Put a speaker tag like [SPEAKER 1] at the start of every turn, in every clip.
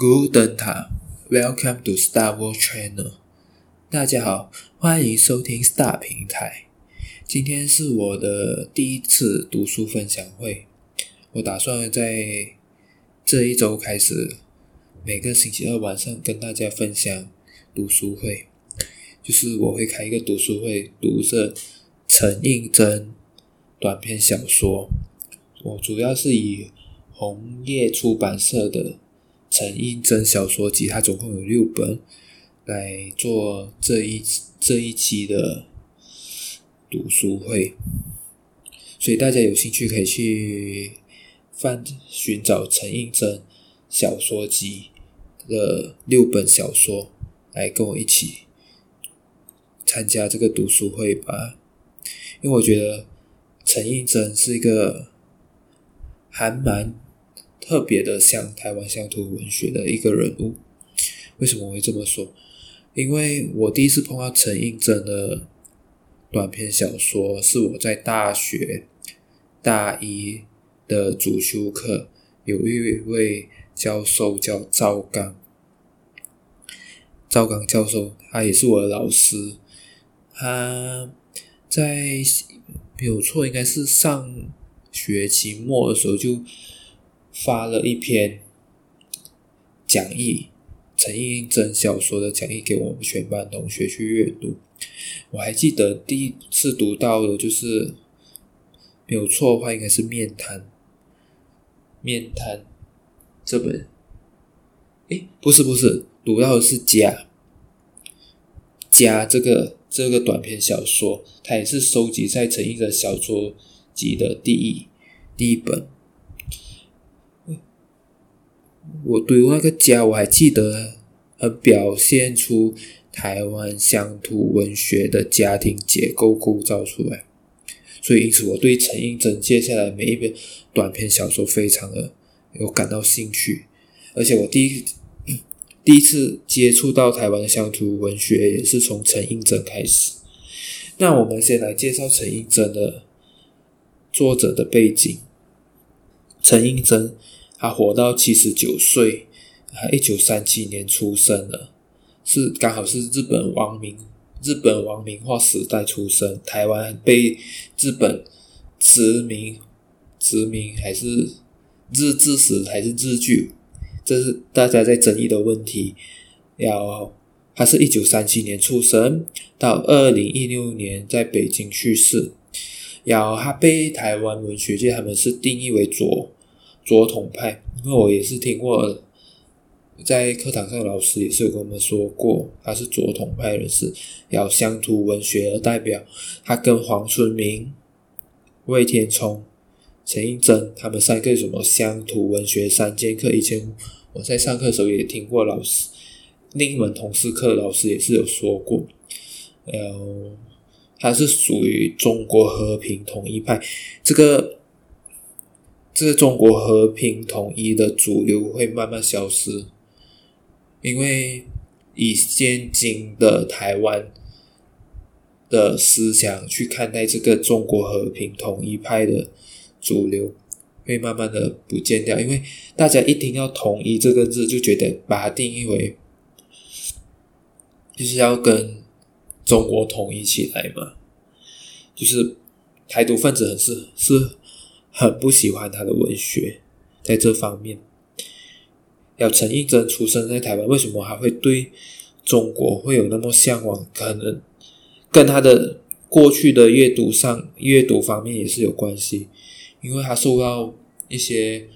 [SPEAKER 1] Guten Tag，Welcome to Stack's World Channel。大家好，歡迎收聽 Stack 平台。今天是我的第一次讀書分享會，我打算在這一周開始，每個星期二晚上跟大家分享讀書會。就是我會開一個讀書會，讀這陳映真短篇小說。我主要是以紅葉出版社的陳映真小說集，它總共有六本，來做這一這一期的讀書會，所以大家有興趣可以去翻尋找陳映真小說集的六本小說，來跟我一起參加這個讀書會吧，因為我覺得陳映真是一個還蠻特別的像台灣鄉土文學的一個人物，為什麼會這麼說？因為我第一次碰到陳映真的短篇小說，是我在大學大一的主修課，有一位教授叫趙剛。趙剛教授，他也是我的老師。他在，有錯，應該是上學期末的時候就。發了一篇講義，陳映真小說的講義給我們全班同學去閱讀。我還記得第一次讀到的就是，沒有錯的話應該是面《麵攤》，《麵攤》這本，誒，不是不是，讀到的是《家》，《家》這個這個短篇小說，它也是收集在陳映真小說集的第一第一本。我對我那個家我還記得，呃，表現出台灣鄉土文學的家庭結構構造出來，所以因此我對陳映真接下來每一篇短篇小說非常的有感到興趣，而且我第一第一次接觸到台灣的鄉土文學也是從陳映真開始。那我們先來介紹陳映真的作者的背景，陳映真。他活到七十九歲，他一九三七年出生了，是剛好是日本皇民，日本皇民化時代出生。台灣被日本殖民，殖民還是日治時還是日據，這是大家在爭議的問題。要他是一九三七年出生，到二零一六年在北京去世。要他被台灣文學界他們是定義為左。左統派，因為我也是聽過，在課堂上老師也是有跟我們說過，他是左統派人士，要鄉土文學的代表。他跟黃春明、魏天聰、陳映真他們三個有什麼鄉土文學三劍客？以前我在上課的時候也聽過老師另一門同事課，老師也是有說過，呃，他是屬於中國和平統一派這個。這個中國和平統一的主流會慢慢消失，因為以現今的台灣的思想去看待這個中國和平統一派的主流，會慢慢的不見掉，因為大家一聽到“統一”這個字，就覺得把它定義為，就是要跟中國統一起來嘛，就是台獨分子，很是是。很不喜歡他的文學，在這方面，要陳映真出生在台灣，為什麼他會對中國會有那麼向往？可能跟他的過去的閱讀上閱讀方面也是有關係，因為他受到一些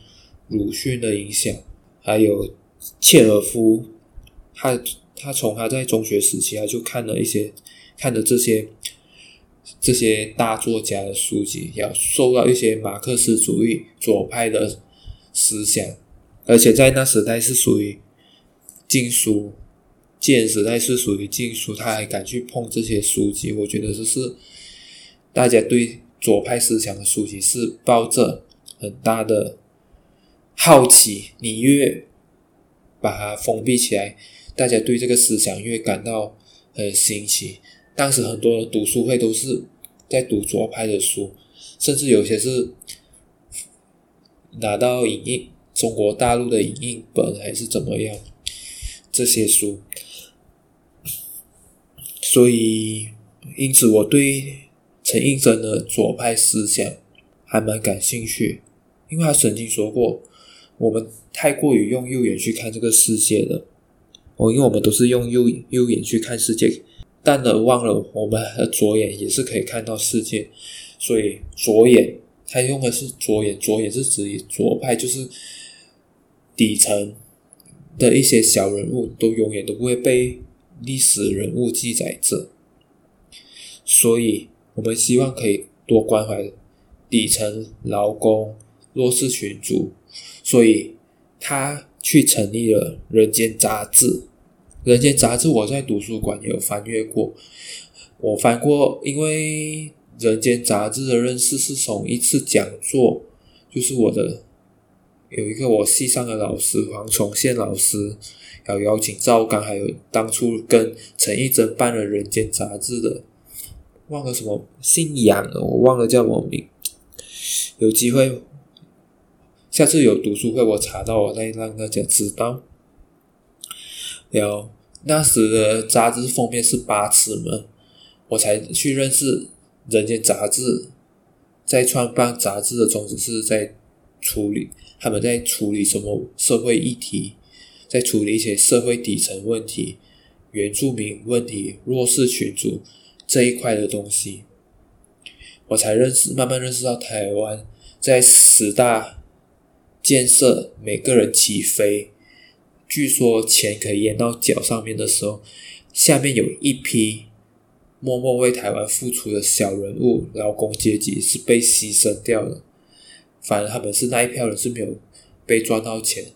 [SPEAKER 1] 魯迅的影響，還有契訶夫，他他從他在中學時期他就看了一些，看的這些。這些大作家的書籍，要受到一些馬克思主義左派的思想，而且在那時代是屬於禁書，建時代是屬於禁書，他還敢去碰這些書籍，我覺得這是大家對左派思想的書籍是抱着很大的好奇，你越把它封閉起來，大家對這個思想越感到很新奇。當時很多的讀書會都是。在讀左派的書，甚至有些是拿到影印中國大陸的影印本還是怎麼樣，這些書，所以因此我對陳映真的左派思想還蠻感興趣，因為他曾經說過，我們太過於用右眼去看這個世界了。哦，因為我們都是用右右眼去看世界。但了，忘了我們的左眼也是可以看到世界，所以左眼他用的是左眼，左眼是指左派，就是底層的一些小人物都永遠都不會被歷史人物記載着，所以我們希望可以多關懷底層勞工弱勢群族，所以他去成立了《人間雜誌》。《人間雜誌》，我在圖書館有翻閱過。我翻過，因為《人間雜誌》的認識是從一次講座，就是我的有一個我系上的老師黃崇憲老師要邀請趙剛，還有當初跟陳映真辦了《人間雜誌》的，忘了什麼姓楊，我忘了叫什麼名。有機會，下次有讀書會，我查到我再讓大家知道。那時的雜誌封面是八尺門，我才去認識人間雜誌。在創辦雜誌的宗旨是在處理他們在處理什麼社會議題，在處理一些社會底層問題、原住民問題、弱勢群組這一塊的東西，我才認識，慢慢認識到台灣在十大建設，每個人起飛，據說錢可以淹到腳上面的時候，下面有一批默默為台灣付出的小人物、勞工階級是被犧牲掉的，反正他們是那一票人是沒有被賺到錢，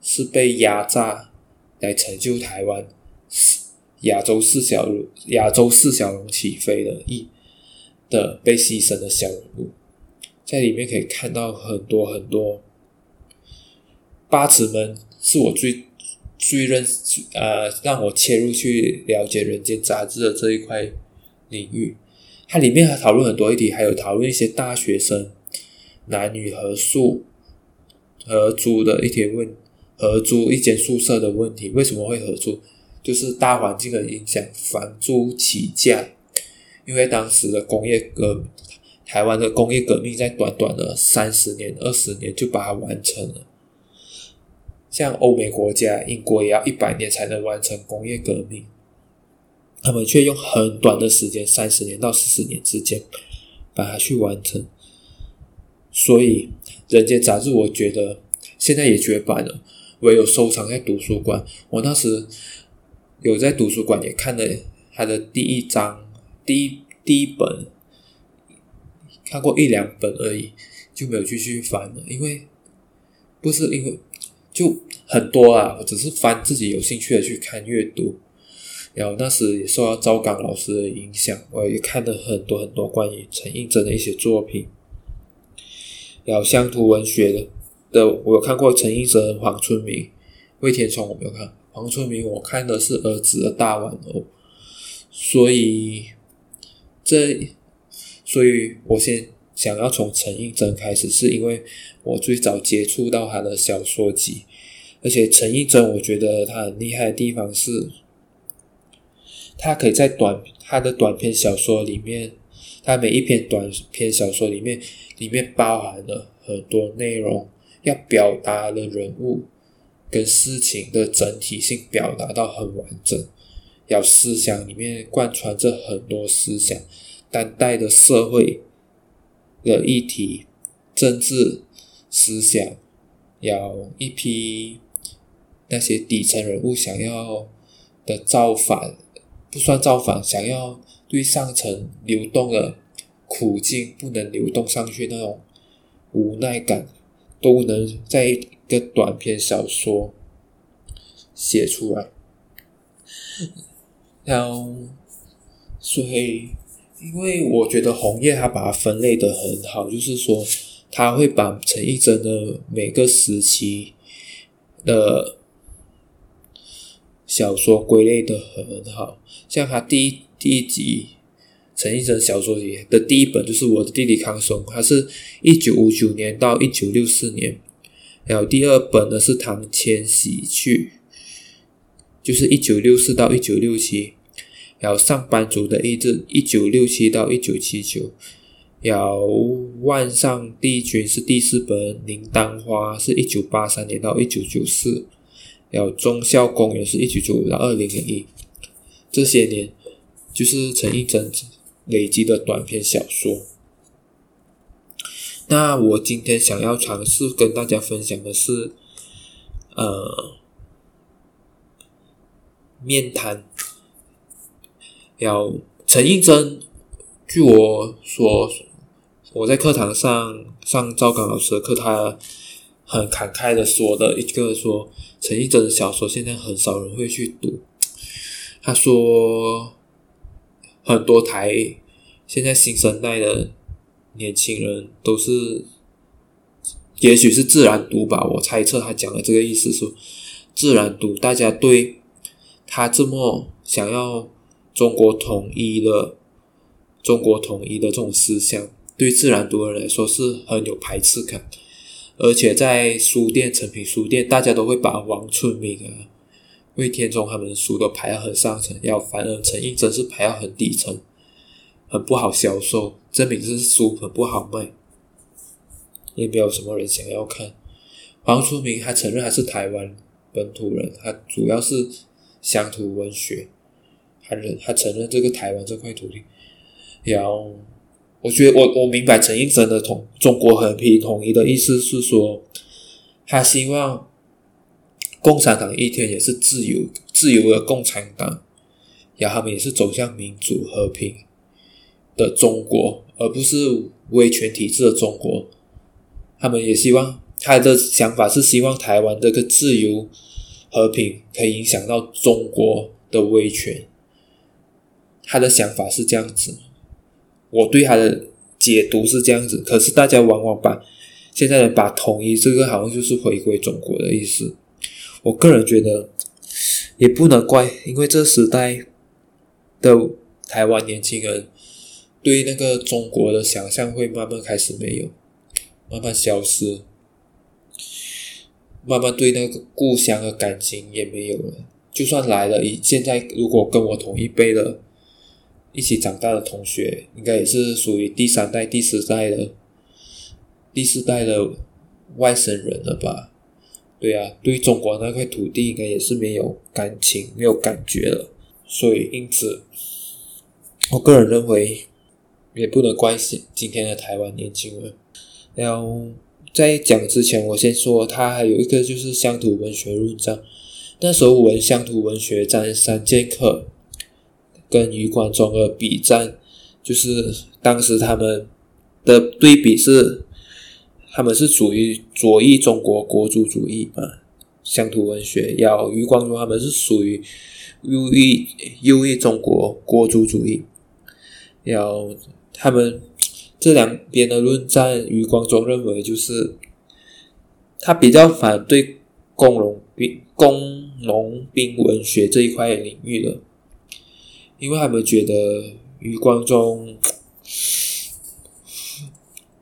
[SPEAKER 1] 是被壓榨來成就台灣亞洲四小龍、亞洲四小龍起飛的一的被犧牲的小人物，在裡面可以看到很多很多八尺門。是我最最認識，呃，讓我切入去了解《人間雜誌》的這一塊領域。它裡面還討論很多議題，還有討論一些大學生男女合宿、合租的一天問、合租一間宿舍的問題，為什麼會合租？就是大環境的影響，房租起價。因為當時的工業革、呃，台灣的工業革命在短短的三十年、二十年就把它完成了。像歐美國家，英國也要一百年才能完成工業革命，他們卻用很短的時間，三十年到四十年之間把它去完成。所以《人間雜誌》，我覺得現在也絕版了，唯有收藏在圖書館。我當時有在圖書館也看了他的第一章，第一第一本，看過一兩本而已，就沒有繼續翻了，因為不是因為。就很多啊，我只是翻自己有興趣的去看閱讀。然後那時也受到趙剛老師的影響，我也看了很多很多關於陳映真的一些作品，有鄉土文學的的，我有看過陳映真、黃春明、魏天聰，我沒有看，黃春明我看的是兒子的大玩偶。所以，這，所以我先。想要從陳映真開始，是因為我最早接觸到他的小說集，而且陳映真我覺得他很厲害的地方是，他可以在短他的短篇小說裡面，他每一篇短篇小說裡面，裡面包含了很多內容，要表達的人物跟事情的整體性表達到很完整，要思想裡面貫穿着很多思想，當代的社會。的議題、政治思想，有一批那些底層人物想要的造反，不算造反，想要對上層流動的苦境，不能流動上去那種無奈感，都能在一個短篇小說寫出來，然 後所以。因為我覺得紅葉他把它分類的很好，就是說他會把陳映真的每個時期的，小說歸類的很好，像他第一第一集陳映真小說裡的第一本就是我的弟弟康松，他是一九五九年到一九六四年，然後第二本呢是唐倩的喜劇，就是一九六四到一九六七。有上班族的意志，一九六七到一九七九，有萬上帝君是第四本《鈴鐺花》，是一九八三年到一九九四，有忠孝公園是一九九五到二零零一。這些年就是陳映真累積的短篇小說。那我今天想要嘗試跟大家分享的是，呃，麵攤。要陳映真，據我所，我在課堂上上趙剛老師的課，他很慷慨的說的一個說，陳映真的小說現在很少人會去讀，他說，很多台現在新生代的年輕人都是，也許是自然讀吧，我猜測他講的這個意思是，說自然讀，大家對他這麼想要。中國統一的，中國統一的這種思想，對自然獨人來說是很有排斥感。而且在書店、誠品書店，大家都會把黃春明啊、尉天驄他們的書都排到很上層，要反而陳映真是排到很底層，很不好銷售，證明是書很不好賣，也沒有什麼人想要看。黃春明他承認他是台灣本土人，他主要是鄉土文學。他認他承認這個台灣這塊土地，然後我覺得我我明白陳映真的統中國和平統一的意思是說，他希望共產黨一天也是自由自由的共產黨，然後他們也是走向民主和平的中國，而不是威權體制的中國。他們也希望他的想法是希望台灣這個自由和平可以影響到中國的威權。他的想法是這樣子，我對他的解讀是這樣子，可是大家往往把現在的把統一這個好像就是回歸中國的意思，我個人覺得也不能怪，因為這時代的台灣年輕人對那個中國的想象會慢慢開始沒有，慢慢消失，慢慢對那個故鄉的感情也沒有了，就算來了，以現在如果跟我同一輩了。一起長大的同學，應該也是屬於第三代、第四代的第四代的外省人了吧？對啊，對於中國那塊土地，應該也是沒有感情、沒有感覺了。所以，因此，我個人認為，也不能怪現今天的台灣年輕人。然後，在講之前，我先說，他還有一個就是鄉土文學論戰，那時候文鄉土文學占三劍客。跟余光中的比戰，就是當時他們的對比是，他們是屬於左翼中國國族主義嘛，鄉土文學；然後余光中他們是屬於右翼右翼中國國族主義。然後他們這兩邊的論戰，余光中認為就是他比較反對工農兵工農兵文學這一塊領域的。因為他們覺得余光中，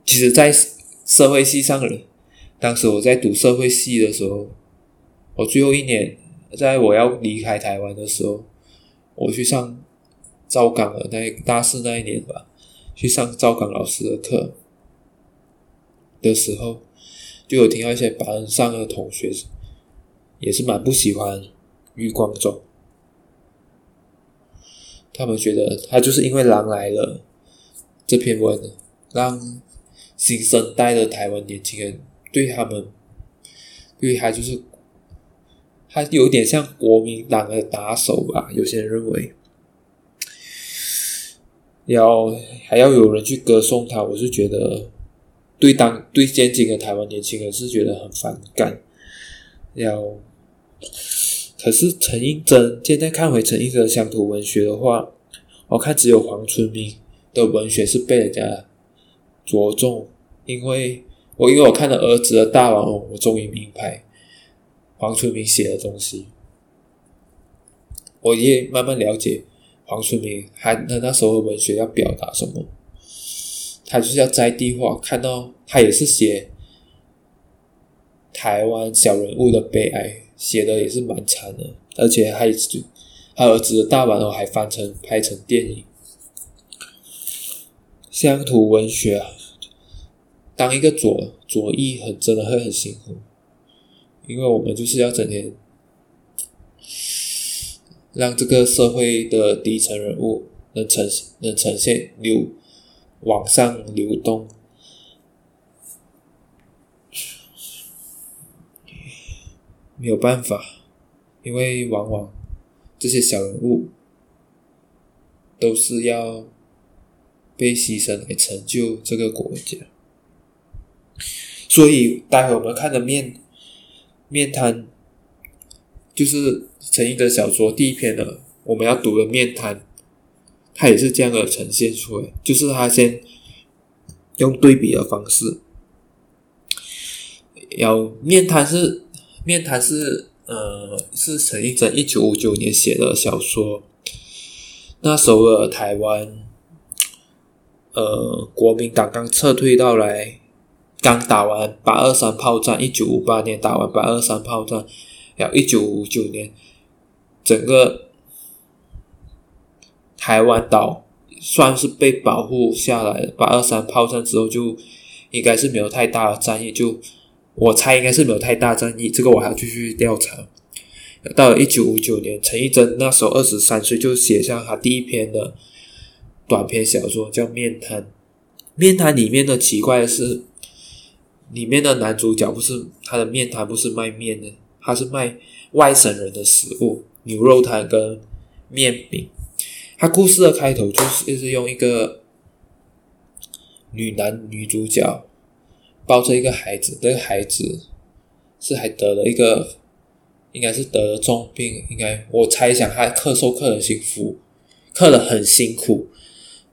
[SPEAKER 1] 其實在社會系上，當時我在讀社會系的時候，我最後一年，在我要離開臺灣的時候，我去上趙剛的那大四那一年吧，去上趙剛老師的課的時候，就有聽到一些班上的同學，也是蠻不喜歡余光中。他們覺得他就是因為《狼來了》這篇文，讓新生代的台灣年輕人對他們，因為他就是，他有點像國民黨的打手吧。有些人認為，要還要有人去歌頌他，我是覺得對當對現今的台灣年輕人是覺得很反感。要。可是陳映真，現在看回陳映真的鄉土文學的話，我看只有黃春明的文學是被人家着重，因為我因為我看了兒子的大玩偶，我終於明白黃春明寫的東西，我也慢慢了解黃春明他他那時候文學要表達什麼，他就是要在地化，看到他也是寫台灣小人物的悲哀。寫的也是蠻慘的，而且還他兒子的大玩偶，還翻成、拍成電影。鄉土文學啊，當一個左左翼，很真的會很辛苦，因為我們就是要整天讓這個社會的底層人物能呈、能呈現流、往上流動。沒有辦法，因為往往這些小人物都是要被犧牲來成就這個國家。所以，待會我們看的面《麵攤》，就是陳映真的小說第一篇的我們要讀的《麵攤》，它也是這樣的呈現出來，就是他先用對比的方式，要麵攤是。《麵攤是、呃》是呃是陳映真一九五九年寫的小說，那時候的台灣，呃國民黨剛,剛撤退到來，剛打完八二三炮戰，一九五八年打完八二三炮戰，然後一九五九年，整個台灣島算是被保護下來了。八二三炮戰之後，就應該是沒有太大的戰役就。我猜應該是沒有太大爭議，這個我還要繼續調查。到了一九五九年，陳映真那時候二十三歲，就寫下他第一篇的短篇小說，叫《麵攤》。《麵攤》裡面的奇怪的是，裡面的男主角不是，他的麵攤不是賣麵的，他是賣外省人的食物，牛肉攤跟麵餅。他故事的開頭就是就是用一個女男女主角。抱着一個孩子，這個孩子是還得了一個，應該是得了重病。應該我猜想他咳嗽咳得很辛苦，咳得很辛苦，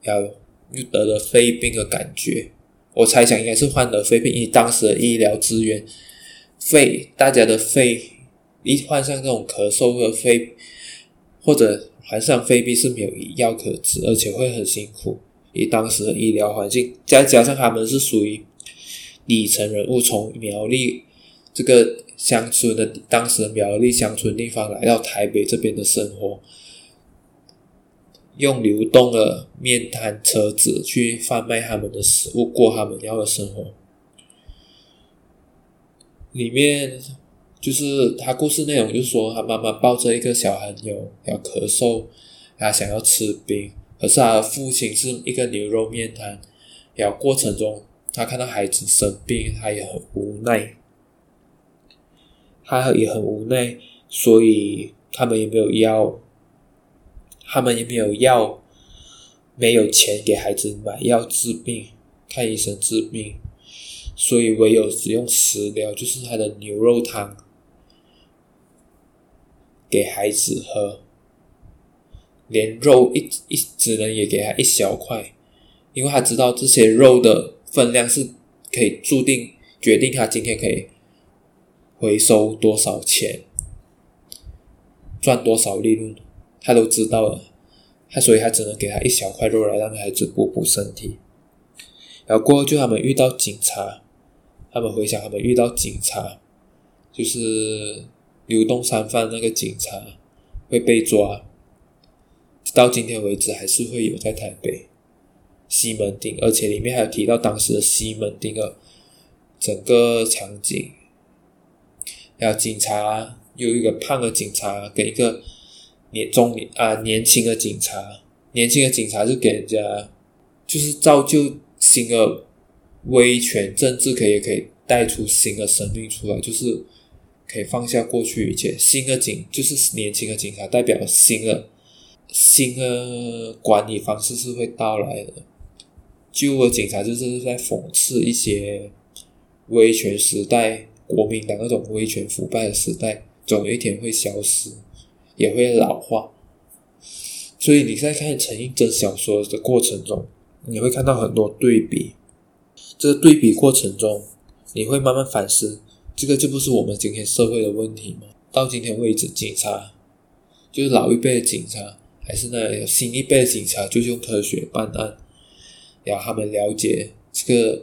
[SPEAKER 1] 然後又得了肺病的感覺。我猜想應該是患了肺病，以當時的醫療資源，肺大家的肺一患上這種咳嗽和肺，或者患上肺病是沒有藥可治，而且會很辛苦。以當時的醫療環境，再加，加上他們是屬於。底層人物從苗栗這個鄉村的當時的苗栗鄉村地方來到台北這邊的生活，用流動的麵攤車子去販賣他們的食物，過他們要的生活。裡面就是他故事內容，就是說他媽媽抱着一個小孩友要咳嗽，他想要吃冰，可是他的父親是一個牛肉面攤，然後過程中。他看到孩子生病，他也很無奈，他也很無奈，所以他們也沒有藥，他們也沒有藥，沒有錢給孩子買藥治病、看醫生治病，所以唯有使用食療，就是他的牛肉湯給孩子喝，連肉一一只能也給他一小塊，因為他知道這些肉的。分量是，可以注定決定他今天可以回收多少錢，賺多少利潤，他都知道了，他所以，他只能給他一小塊肉來讓孩子補補身體。然後過後就他們遇到警察，他們回想他們遇到警察，就是流動商販那個警察會被抓，到今天為止還是會有在台北，西門町，而且裡面還有提到當時的西門町的整個場景。然後警察有一個胖的警察跟一個年中年啊年輕的警察，年輕的警察就給人家，就是造就新的威權，政治可以，也可以帶出新的生命出來，就是可以放下過去一切。新的警就是年輕的警察，代表新的新的管理方式是會到來的。舊的警察就是在諷刺一些威權時代國民黨那種威權腐敗的時代，總有一天會消失，也會老化。所以你在看陳映真小說的過程中，你會看到很多對比。這個對比過程中，你會慢慢反思：這個就不是我們今天社會的問題嗎？到今天為止，警察就是老一輩的警察，還是那新一輩的警察就用科學辦案。要他們了解這個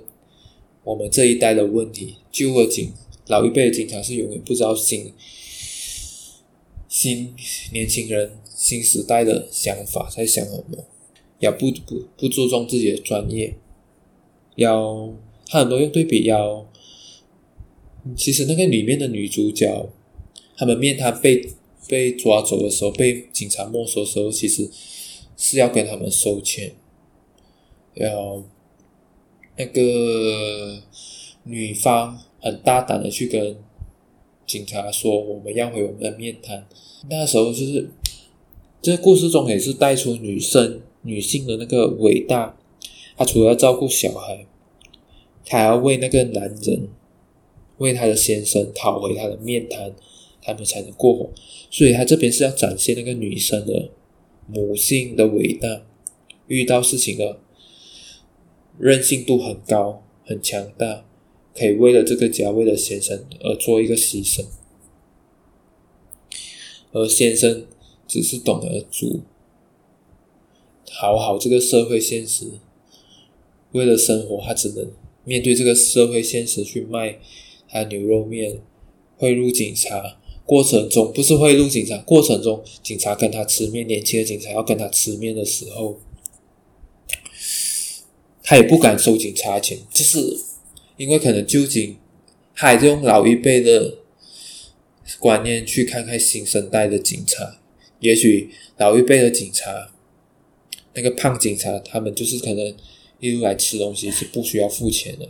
[SPEAKER 1] 我們這一代的問題，舊和警，老一輩的警察是永遠不知道新新年輕人新時代的想法在想什麼，要不不不注重自己的專業，要他很多用對比，要其實那個裡面的女主角，他們麵攤被被抓走的時候，被警察沒收的時候，其實是要跟他們收錢。要、哦、那個女方很大膽的去跟警察說，我們要回我們的麵攤，那時候就是這個、故事中也是帶出女生女性的那個偉大。她除了要照顧小孩，她還要為那個男人，為她的先生討回她的麵攤，他們才能過活。所以她這邊是要展現那個女生的母性的偉大。遇到事情的。任性度很高，很強大，可以為了這個家，為了先生而做一個犧牲。而先生只是懂得足，討好，好這個社會現實，為了生活，他只能面對這個社會現實去賣他牛肉麵，賄賂警察。過程中不是賄賂警察，過程中警察跟他吃麵，年輕的警察要跟他吃麵的時候。他也不敢收警察錢，就是因為可能究竟還是用老一輩的觀念去看看新生代的警察。也許老一輩的警察，那個胖警察，他們就是可能一路來吃東西是不需要付錢的，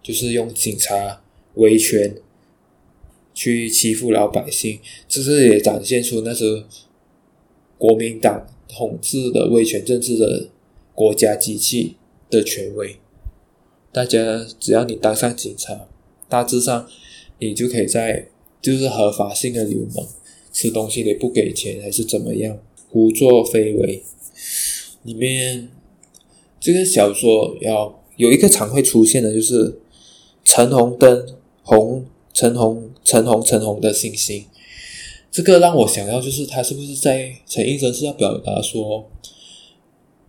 [SPEAKER 1] 就是用警察維權去欺負老百姓，這是也展現出那時候國民黨統治的威權政治的國家機器的權威，大家只要你當上警察，大致上你就可以在就是合法性的流氓吃東西你不給錢還是怎麼樣胡作非為。裡面這個小說要有一個常會出現的就是陳紅燈紅陳紅陳紅陳紅的星星，這個讓我想到就是他是不是在陳映真，是要表達說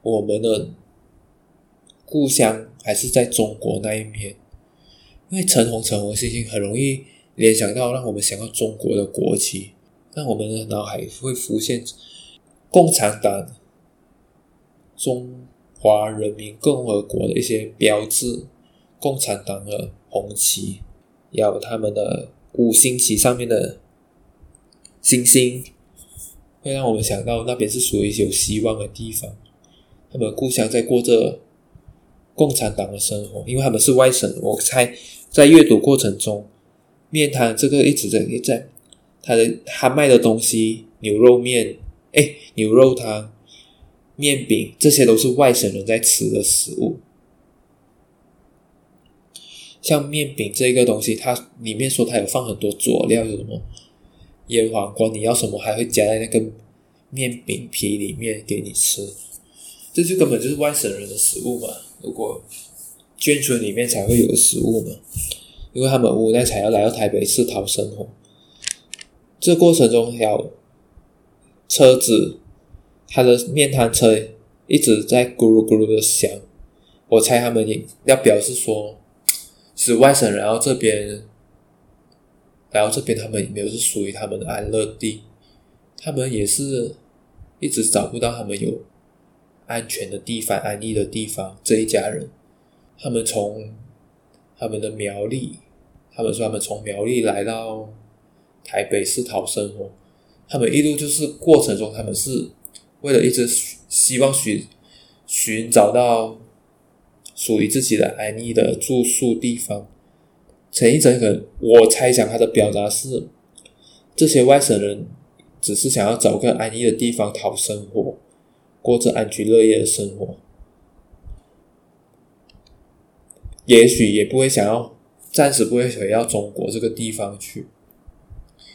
[SPEAKER 1] 我們的。故鄉還是在中國那一面，因為橙紅橙紅星星很容易聯想到讓我們想到中國的國旗，那我們的腦海會浮現共產黨、中華人民共和國的一些標誌，共產黨的紅旗，也有他們的五星旗上面的星星，會讓我們想到那邊是屬於有希望的地方。他們故鄉在過着。共產黨的生活，因為他們是外省人。我猜在閱讀過程中，麵攤這個一直在在他的他賣的東西，牛肉麵，哎，牛肉湯，麵餅，這些都是外省人在吃的食物。像麵餅這個東西，它裡面說它有放很多佐料，有什麼醃黃瓜，你要什麼還會加在那個麵餅皮裡面給你吃，這就根本就是外省人的食物嘛。如果眷村裡面才會有食物嘛，因為他們無奈才要來到台北市討生活。這過程中要，小車子他的麵攤車一直在咕嚕咕嚕的響。我猜他們也要表示說，是外省人，然後這邊，然後這邊他們也沒有是屬於他們的安樂地，他們也是一直找不到他們有。安全的地方，安逸的地方。這一家人，他們從他們的苗栗，他們說他們從苗栗來到台北市討生活。他們一路就是過程中，他們是為了一直希望尋尋找到屬於自己的安逸的住宿地方。陳映真整個我猜想他的表達是：這些外省人只是想要找個安逸的地方討生活。過着安居樂業的生活，也許也不會想要暫時不會回到中國這個地方去。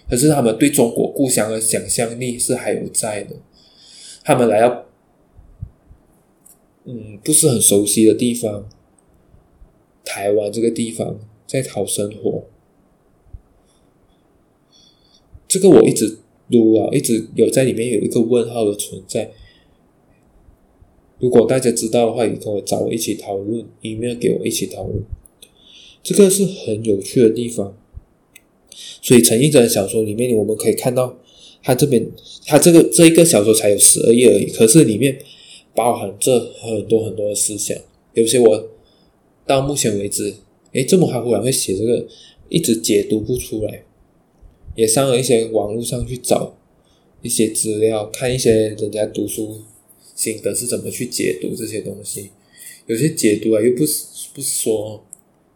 [SPEAKER 1] 可是他們對中國故鄉的想象力是還有在的，他們來到，嗯，不是很熟悉的地方，台灣這個地方在討生活。這個我一直讀啊，一直有在裡面有一個問號的存在。如果大家知道的話，也可以找我一起討論，email 給我一起討論。這個是很有趣的地方。所以陳映真的小說裡面，我們可以看到他，他這邊、個、他這個這一個小說才有十二頁而已，可是裡面包含著很多很多的思想，有些我到目前為止，誒，這麼還忽然會寫這個，一直解讀不出來，也上了一些網絡上去找一些資料，看一些人家讀書。心得是怎麼去解讀這些東西？有些解讀啊，又不是不是說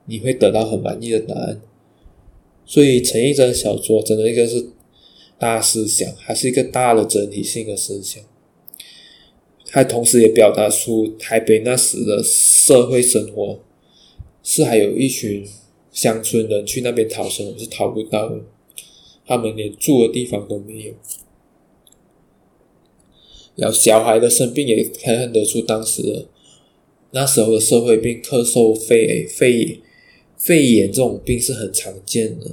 [SPEAKER 1] 你會得到很滿意的答案。所以陳映真小說真的一個是大思想，還是一個大的整體性的思想，他同時也表達出台北那時的社會生活，是還有一群鄉村人去那邊討生活，是討不到的，他們連住的地方都沒有。要小孩的生病也看得出當時那時候的社會病，咳嗽、肺肺肺炎這種病是很常見的，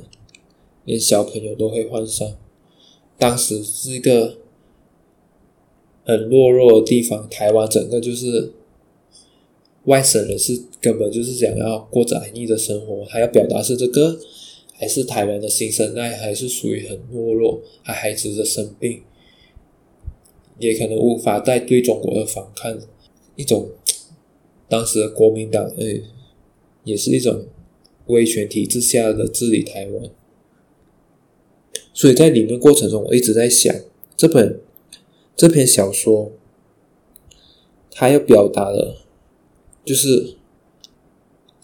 [SPEAKER 1] 連小朋友都會患上。當時是一個很懦弱，弱的地方，台灣整個就是外省人是根本就是想要過着安逸的生活。他要表達是這個，還是台灣的新生代還是屬於很懦弱，弱，還孩子的生病。也可能無法帶對中國的反抗，一種當時的國民黨，哎，也是一種威權體制下的治理台灣。所以在裡面過程中，我一直在想，這本這篇小說，它要表達的，就是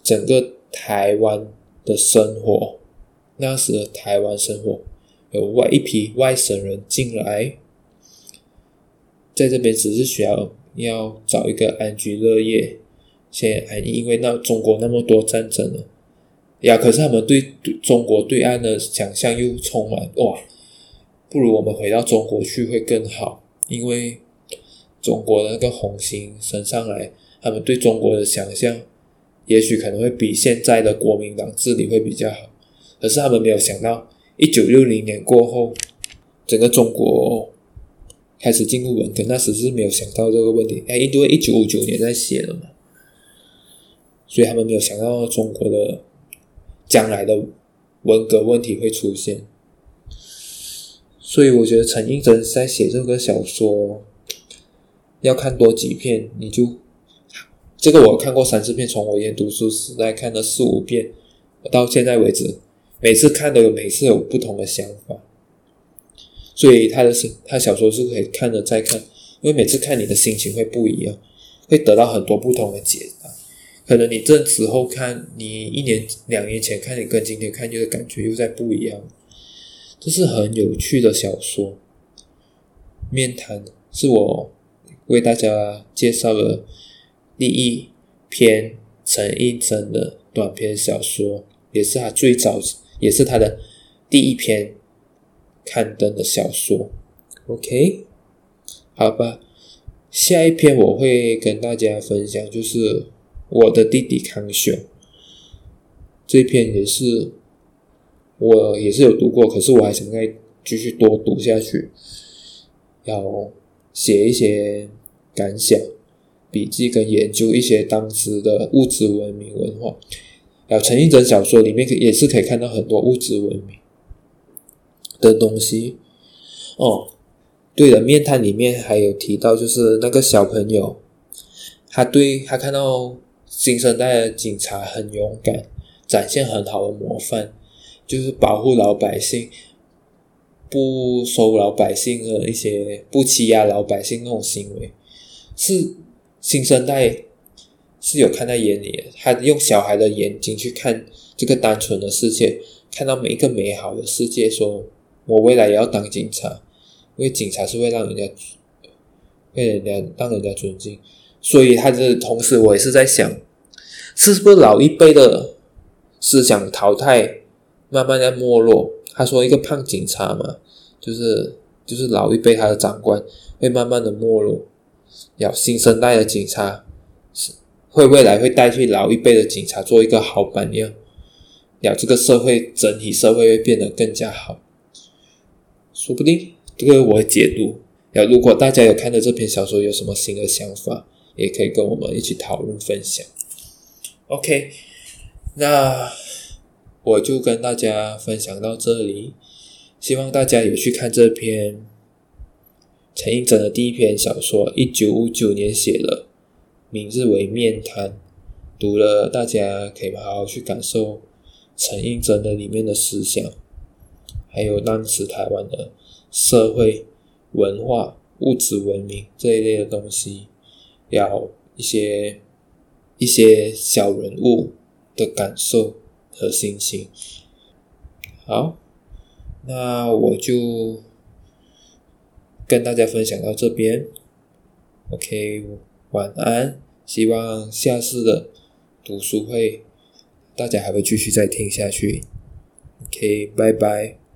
[SPEAKER 1] 整個台灣的生活，那時的台灣生活，有外一批外省人進來。在這邊只是需要要找一個安居樂業，先安，因為那中國那麼多戰爭了呀。可是他們對中國對岸的想象又充滿哇，不如我們回到中國去會更好，因為中國的那個紅星升上來，他們對中國的想象也許可能會比現在的國民黨治理會比較好。可是他們沒有想到，一九六零年過後，整個中國、哦。開始進入文革，那時是沒有想到這個問題。哎，因為一九五九年在寫的嘛，所以他們沒有想到中國的將來的文革問題會出現。所以我覺得陳映真在寫這個小說，要看多幾遍。你就這個我看過三四遍，從我研讀書時代看了四五遍，我到現在為止，每次看都有每次有不同的想法。所以他的是，他小說是可以看了再看，因為每次看你的心情會不一樣，會得到很多不同的解答。可能你這時候看，你一年、兩年前看，你跟今天看你的感覺又在不一樣。這是很有趣的小說。麵攤是我為大家介紹的第一篇陳映真的短篇小說，也是他最早，也是他的第一篇。刊登的小說，OK，好吧，下一篇我會跟大家分享，就是我的弟弟康雄。這篇也是我也是有讀過，可是我還想再繼續多讀下去，要寫一些感想筆記跟研究一些當時的物質文明文化，然後陳映真小說裡面也是可以看到很多物質文明。的東西哦，對了，《麵攤》裡面還有提到，就是那個小朋友，他對他看到新生代的警察很勇敢，展現很好的模範，就是保護老百姓，不收老百姓的一些、不欺壓老百姓那種行為，是新生代是有看在眼裡的，他用小孩的眼睛去看這個單純的世界，看到每一個美好的世界，說。我未來也要當警察，因為警察是會讓人家，被人家讓人家尊敬。所以他是同時，我也是在想，是不是老一輩的思想淘汰，慢慢在沒落。他說一個胖警察嘛，就是就是老一輩他的長官會慢慢的沒落，要新生代的警察，會未來會代替老一輩的警察做一個好榜樣，要這個社會整體社會會變得更加好。說不定這個我會解讀。那如果大家有看到這篇小說，有什麼新的想法，也可以跟我們一起討論分享。OK，那我就跟大家分享到這裡。希望大家也去看這篇陳映真的第一篇小說，一九五九年寫的《明日為麵攤》，讀了大家可以好好去感受陳映真的裡面的思想。還有當時台灣的社會、文化、物質文明這一類的東西，要一些一些小人物的感受和心情。好，那我就跟大家分享到這邊。OK，晚安。希望下次的讀書會大家還會繼續再聽下去。OK，拜拜。